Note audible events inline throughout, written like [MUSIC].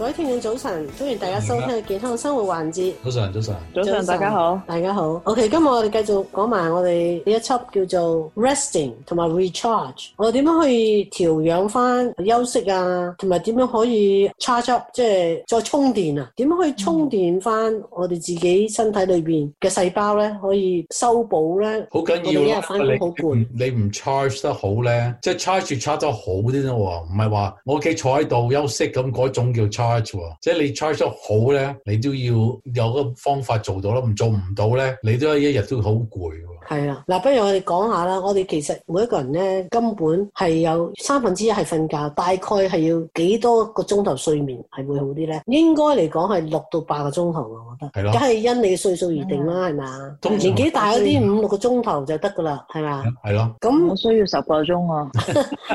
各位聽眾早晨，歡迎大家收聽《健康生活環節》早。早晨，早晨，早晨，大家好，大家好。OK，今日我哋繼續講埋我哋呢一輯叫做 Resting 同埋 Recharge。我哋點樣可以調養翻休息啊？同埋點樣可以 charge up，即係再充電啊？點樣可以充電翻我哋自己身體裏邊嘅細胞咧？可以修補咧？好緊要啊！你你唔 charge 得好咧，即係 charge charge 得好啲咯、哦。唔係話我屋企坐喺度休息咁嗰種叫 charge。即係你 try 得好咧，你都要有個方法做到咯。唔做唔到咧，你都一日都好攰。係啦、嗱、啊，不如我哋講下啦。我哋其實每一個人咧，根本係有三分之一係瞓覺，大概係要幾多個鐘頭睡眠係會好啲咧，嗯？應該嚟講係六到八個鐘頭，我覺得。係咯。梗係因你嘅歲數而定啦，係、嗯、嘛？年紀、嗯、大嗰啲五六個鐘頭就得噶啦，係嘛？係咯。咁我需要十個鐘啊！都 [LAUGHS]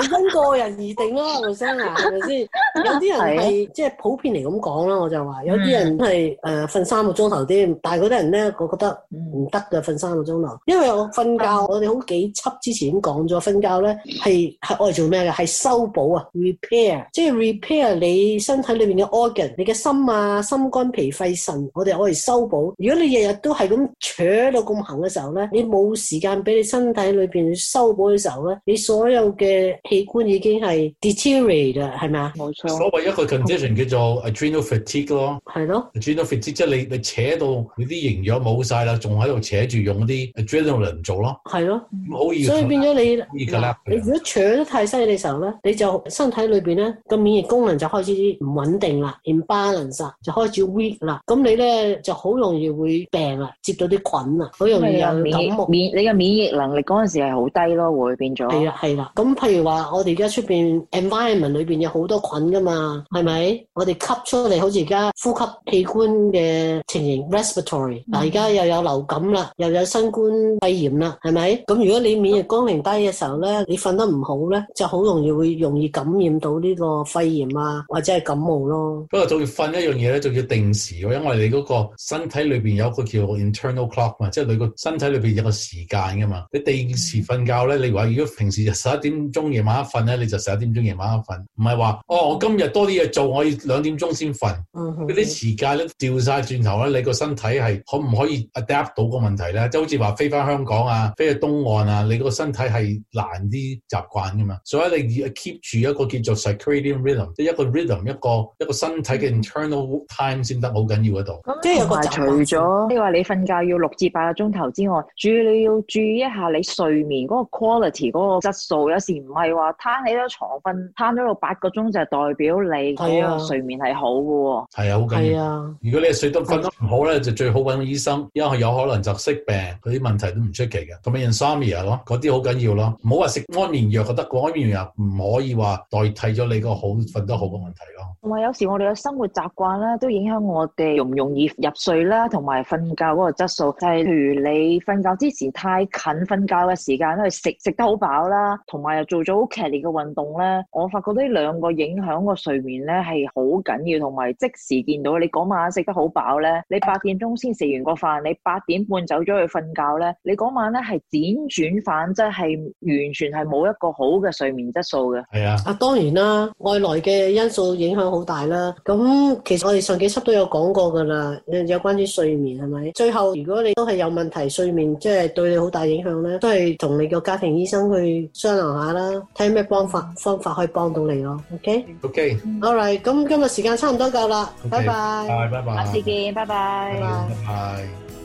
係 [LAUGHS] [LAUGHS] 因個人而定咯，阿木生啊，係咪先？有啲人係即係普遍嚟咁講啦，我就話有啲人係誒瞓三個鐘頭添，但係嗰啲人咧，我覺得唔得。瞓三個鐘咯，因為我瞓覺，嗯、我哋好幾輯之前已經講咗，瞓覺咧係係愛做咩嘅？係修補啊，repair，即係 repair 你身體裏面嘅 organ，你嘅心啊、心肝脾肺腎，我哋可以修補。如果你日日都係咁扯到咁行嘅時候咧，你冇時間俾你身體裏邊修補嘅時候咧，你所有嘅器官已經係 deteriorate 啦，係咪啊？冇錯。所謂一個 condition、嗯、叫做 adrenal fatigue 咯，係咯，adrenal fatigue 即係你你扯到你啲營養冇晒啦，仲喺度扯。跟住用啲 adrenaline 做咯，係咯、啊嗯嗯，所以變咗你,你,你，你如果扯得太犀利時候咧，你就身體裏邊咧個免疫功能就開始唔穩定啦，imbalance [MUSIC] 就開始 weak 啦，咁你咧就好容易會病啦，接到啲菌啊，好容易有感冒，你免,免你嘅免疫能力嗰陣時係好低咯，會變咗。係啊，係啦、啊，咁譬如話我哋而家出邊 environment 裏邊有好多菌噶嘛，係咪？我哋吸出嚟好似而家呼吸器官嘅情形，respiratory 嗱、嗯，而家又有流感啦。又有新冠肺炎啦，係咪？咁如果你免疫光功能低嘅時候咧、嗯，你瞓得唔好咧，就好容易會容易感染到呢個肺炎啊，或者係感冒咯。不過仲要瞓一樣嘢咧，仲要定時，因為你嗰個身體裏邊有個叫 internal clock 嘛，即係你個身體裏邊有個時間噶嘛。你定時瞓覺咧，你話如果平時就十一點鐘夜晚黑瞓咧，你就十一點鐘夜晚黑瞓，唔係話哦，我今日多啲嘢做，我要兩點鐘先瞓。嗰、嗯、啲時間咧掉晒轉頭咧，你個身體係可唔可以 adapt 到個問題？題咧，即係好似話飛翻香港啊，飛去東岸啊，你個身體係難啲習慣噶嘛，所以你要 keep 住一個叫做 circadian rhythm，即係一個 rhythm，一個一個身體嘅 internal time 先得好緊要嗰度。咁即係同除咗你話你瞓覺要六至八個鐘頭之外，注你要注意一下你睡眠嗰個 quality，嗰個質素，有時唔係話攤起咗床瞓攤咗到八個鐘就代表你個睡眠係好噶喎。係啊，好緊要、啊。係啊，如果你係睡得瞓得唔好咧，就最好揾醫生，因為有可能就是。疾病嗰啲問題都唔出奇嘅，同埋 insomnia 咯，嗰啲好緊要咯。唔好話食安眠藥就得，安眠藥唔可以話代替咗你個好瞓得好嘅問題咯。同埋有，有時我哋嘅生活習慣咧，都影響我哋容唔容易入睡啦，同埋瞓覺嗰個質素。係、就係、譬如你瞓覺之前太近瞓覺嘅時間咧，因為食食得好飽啦，同埋又做咗好劇烈嘅運動咧，我發覺呢兩個影響個睡眠咧係好緊要，同埋即時見到你嗰晚食得好飽咧，你八點鐘先食完個飯，你八點半就。走咗去瞓覺咧，你嗰晚咧係輾轉反側，係完全係冇一個好嘅睡眠質素嘅。係啊，啊當然啦，外來嘅因素影響好大啦。咁其實我哋上幾輯都有講過噶啦，有關於睡眠係咪？最後如果你都係有問題睡眠，即係對你好大影響咧，都係同你個家庭醫生去商量下啦，睇咩方法方法可以幫到你咯。OK，OK，All right，咁今日時間差唔多夠啦，拜拜，拜拜，下次見，拜拜，拜拜。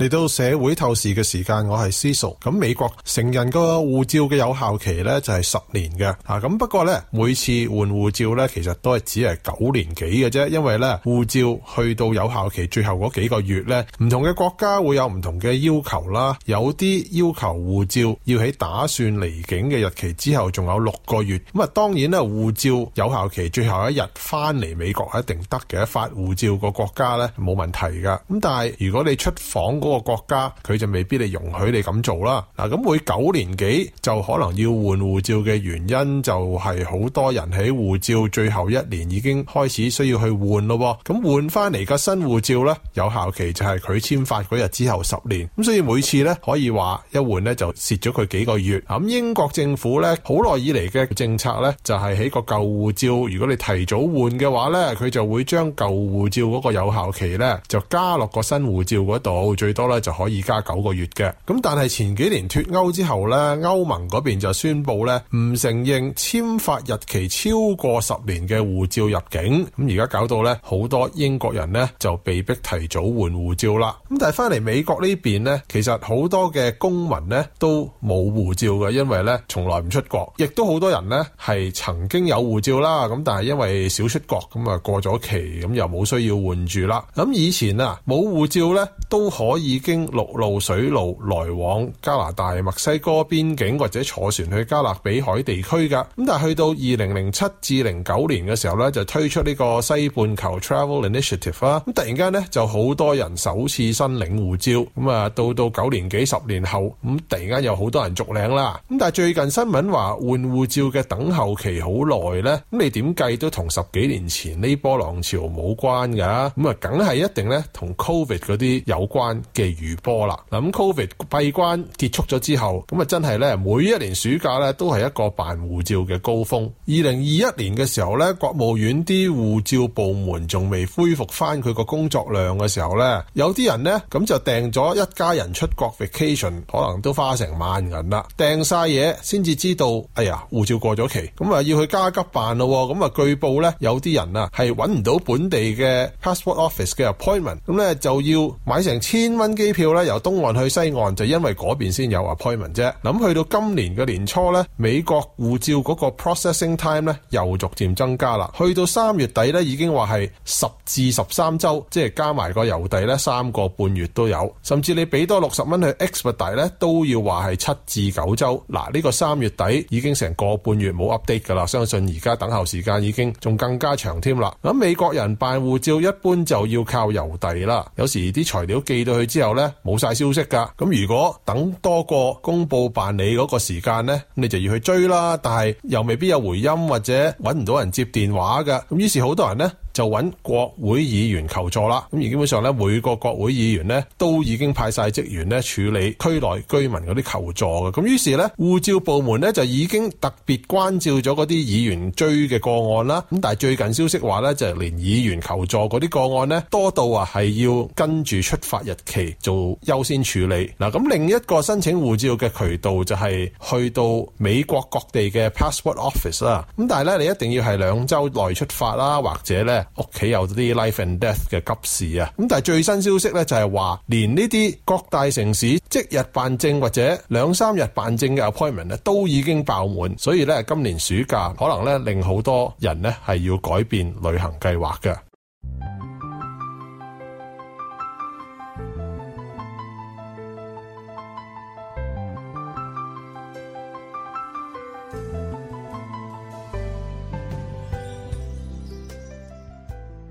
嚟到社會透視嘅時間，我係司屬。咁美國成人個護照嘅有效期呢，就係、是、十年嘅。咁、啊、不過呢，每次換護照呢，其實都係只係九年幾嘅啫。因為呢，護照去到有效期最後嗰幾個月呢，唔同嘅國家會有唔同嘅要求啦。有啲要求護照要喺打算離境嘅日期之後仲有六個月。咁啊，當然呢，護照有效期最後一日翻嚟美國係一定得嘅。發護照個國家呢，冇問題㗎。咁但係如果你出訪嗰，那個國家佢就未必容許你容許你咁做啦，嗱，咁會九年幾就可能要換護照嘅原因就係好多人喺護照最後一年已經開始需要去換咯，咁換翻嚟個新護照呢，有效期就係佢簽發嗰日之後十年，咁所以每次呢，可以話一換呢，就蝕咗佢幾個月，咁、啊、英國政府呢，好耐以嚟嘅政策呢，就係、是、喺個舊護照如果你提早換嘅話呢，佢就會將舊護照嗰個有效期呢，就加落個新護照嗰度最咁咧就可以加九個月嘅，咁但係前幾年脫歐之後咧，歐盟嗰邊就宣布咧唔承認簽發日期超過十年嘅護照入境，咁而家搞到咧好多英國人咧就被逼提早換護照啦，咁但係翻嚟美國呢邊咧，其實好多嘅公民咧都冇護照嘅，因為咧從來唔出國，亦都好多人咧係曾經有護照啦，咁但係因為少出國，咁啊過咗期，咁又冇需要換住啦，咁以前啊冇護照咧都可以。已經陸路、水路來往加拿大、墨西哥邊境，或者坐船去加勒比海地區噶。咁但係去到二零零七至零九年嘅時候咧，就推出呢個西半球 Travel Initiative 啦。咁突然間咧，就好多人首次申領護照。咁啊，到到九年幾、十年後，咁突然間有好多人續領啦。咁但係最近新聞話換護照嘅等候期好耐咧。咁你點計都同十幾年前呢波浪潮冇關噶。咁啊，梗係一定咧同 COVID 嗰啲有關。嘅餘波啦，嗱咁 Covid 閉關結束咗之後，咁啊真係咧每一年暑假咧都係一個辦護照嘅高峰。二零二一年嘅時候咧，國務院啲護照部門仲未恢復翻佢個工作量嘅時候咧，有啲人咧咁就訂咗一家人出國 vacation，可能都花成萬銀啦，訂晒嘢先至知道，哎呀護照過咗期，咁啊要去加急辦咯，咁啊據報咧有啲人啊係揾唔到本地嘅 passport office 嘅 appointment，咁咧就要買成千蚊機票咧，由東岸去西岸，就因為嗰邊先有啊，payment 啫。諗去到今年嘅年初咧，美國護照嗰個 processing time 咧又逐漸增加啦。去到三月底咧，已經話係十至十三周，即係加埋個郵遞咧，三個半月都有。甚至你俾多六十蚊去 expat 大咧，都要話係七至九周。嗱，呢、這個三月底已經成個半月冇 update 噶啦。相信而家等候時間已經仲更加長添啦。咁美國人辦護照一般就要靠郵遞啦，有時啲材料寄到去。之後呢，冇晒消息噶，咁如果等多個公布辦理嗰個時間呢，你就要去追啦。但係又未必有回音或者揾唔到人接電話噶，咁於是好多人呢。就揾國會議員求助啦，咁而基本上咧每個國會議員咧都已經派晒職員咧處理區內居民嗰啲求助嘅，咁於是咧護照部門咧就已經特別關照咗嗰啲議員追嘅個案啦，咁但係最近消息話咧就係連議員求助嗰啲個案咧多到啊係要跟住出發日期做優先處理嗱，咁另一個申請護照嘅渠道就係去到美國各地嘅 passport office 啦，咁但係咧你一定要係兩周內出發啦，或者咧。屋企有啲 life and death 嘅急事啊，咁但係最新消息咧就係話，連呢啲各大城市即日辦證或者兩三日辦證嘅 appointment 咧都已經爆滿，所以咧今年暑假可能咧令好多人咧係要改變旅行計劃嘅。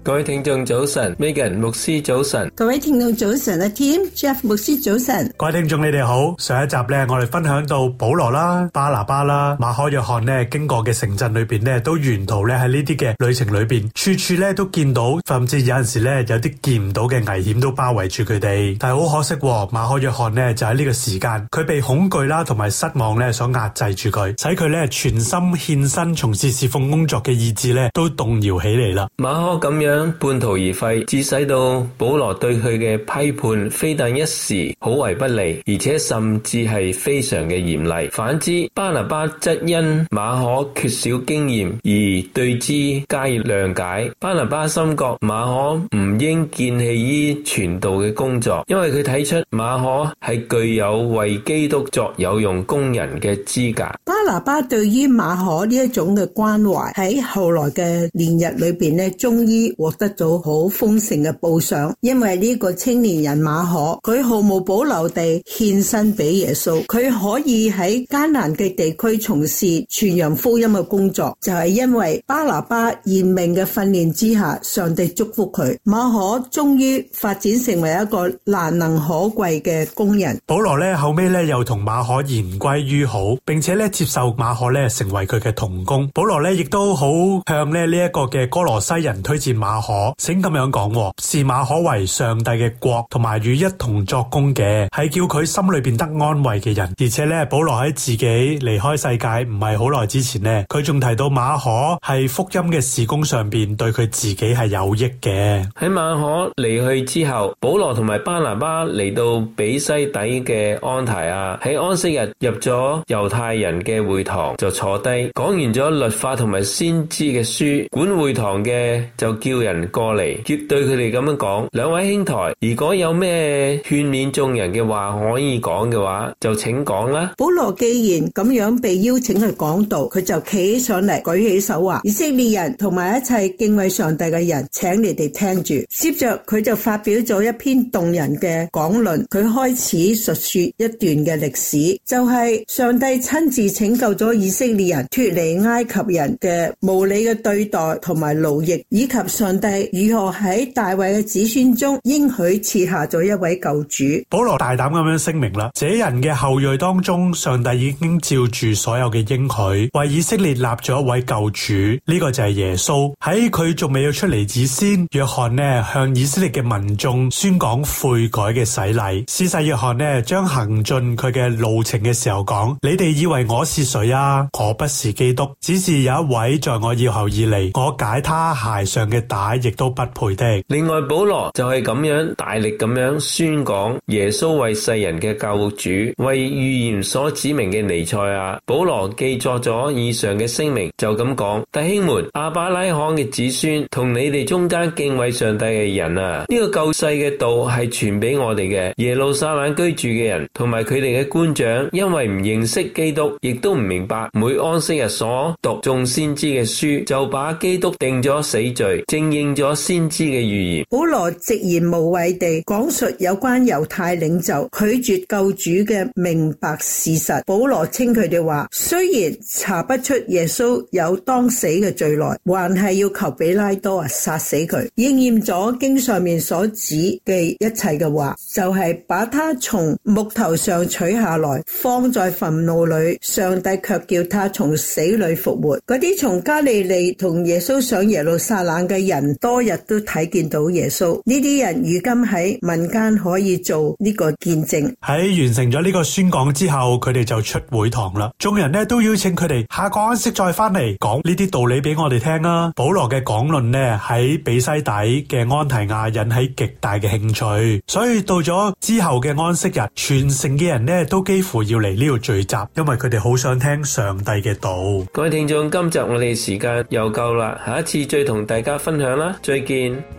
各位聽眾早晨，Megan 牧師早晨，各位聽眾早晨啊，Tim、Jeff 牧師早晨，各位聽眾你哋好。上一集咧，我哋分享到保羅啦、巴拿巴啦、馬可約翰咧，經過嘅城鎮裏邊咧，都沿途咧喺呢啲嘅旅程裏邊，處處咧都見到，甚至有陣時咧有啲見唔到嘅危險都包圍住佢哋。但係好可惜，馬可約翰咧就喺呢個時間，佢被恐懼啦同埋失望咧所壓制住佢，使佢咧全心獻身從事侍奉工作嘅意志咧都動搖起嚟啦，馬可咁樣。半途而廢，致使到保羅對佢嘅批判非但一時好為不利，而且甚至係非常嘅嚴厲。反之，巴拿巴則因馬可缺少經驗而對之加以諒解。巴拿巴深覺馬可唔應見棄於傳道嘅工作，因為佢睇出馬可係具有為基督作有用工人嘅資格。巴拿巴對於馬可呢一種嘅關懷，喺後來嘅年日裏邊呢，終於得咗好豐盛嘅報賞，因為呢個青年人馬可，佢毫無保留地獻身俾耶穌，佢可以喺艱難嘅地區從事傳揚福音嘅工作，就係、是、因為巴拿巴嚴命嘅訓練之下，上帝祝福佢。馬可終於發展成為一個難能可貴嘅工人。保羅咧後尾咧又同馬可言歸於好，並且咧接受馬可咧成為佢嘅同工。保羅咧亦都好向咧呢一個嘅哥羅西人推薦馬可。可，請咁樣講，視馬可為上帝嘅國同埋與一同作工嘅，係叫佢心裏邊得安慰嘅人。而且咧，保羅喺自己離開世界唔係好耐之前咧，佢仲提到馬可係福音嘅事工上邊對佢自己係有益嘅。喺馬可離去之後，保羅同埋巴拿巴嚟到彼西底嘅安提亞，喺安息日入咗猶太人嘅會堂就坐低講完咗律法同埋先知嘅書，管會堂嘅就叫人。人過嚟，絕對佢哋咁樣講。兩位兄台，如果有咩勸勉眾人嘅話可以講嘅話，就請講啦。保羅既然咁樣被邀請去講道，佢就企上嚟，舉起手話：以色列人同埋一切敬畏上帝嘅人，請你哋聽住。接着佢就發表咗一篇動人嘅講論。佢開始述說一段嘅歷史，就係上帝親自拯救咗以色列人脱離埃及人嘅無理嘅對待同埋奴役，以及上。上帝如何喺大衛嘅子孫中應許賜下咗一位救主？保羅大膽咁樣聲明啦，這人嘅後裔當中，上帝已經照住所有嘅應許，為以色列立咗一位救主。呢、這個就係耶穌。喺佢仲未要出嚟之先，約翰呢向以色列嘅民眾宣講悔改嘅洗禮。施洗約翰呢將行盡佢嘅路程嘅時候講：你哋以為我是誰啊？我不是基督，只是有一位在我以後以嚟，我解他鞋上嘅帶也亦都不配的。另外，保羅就係咁樣大力咁樣宣講耶穌為世人嘅救主，為預言所指明嘅彌賽亞。保羅既作咗以上嘅聲明，就咁講：弟兄們，亞伯拉罕嘅子孫同你哋中間敬畏上帝嘅人啊，呢個救世嘅道係傳俾我哋嘅。耶路撒冷居住嘅人同埋佢哋嘅官長，因為唔認識基督，亦都唔明白每安息日所讀眾先知嘅書，就把基督定咗死罪。正應咗先知嘅預言，保羅直言無諱地講述有關猶太領袖拒絕救主嘅明白事實。保羅稱佢哋話，雖然查不出耶穌有當死嘅罪來，還係要求比拉多啊殺死佢。應驗咗經上面所指嘅一切嘅話，就係、是、把他從木頭上取下來，放在墳墓裏。上帝卻叫他從死裏復活。嗰啲從加利利同耶穌上耶路撒冷嘅人。多日都睇見到耶穌，呢啲人如今喺民間可以做呢個見證。喺完成咗呢個宣講之後，佢哋就出會堂啦。眾人呢都邀請佢哋下個安息再翻嚟講呢啲道理俾我哋聽啦。保羅嘅講論呢喺彼西底嘅安提亞引起極大嘅興趣，所以到咗之後嘅安息日，全城嘅人呢都幾乎要嚟呢度聚集，因為佢哋好想聽上帝嘅道。各位聽眾，今集我哋時間又夠啦，下一次再同大家分享。好啦，再見。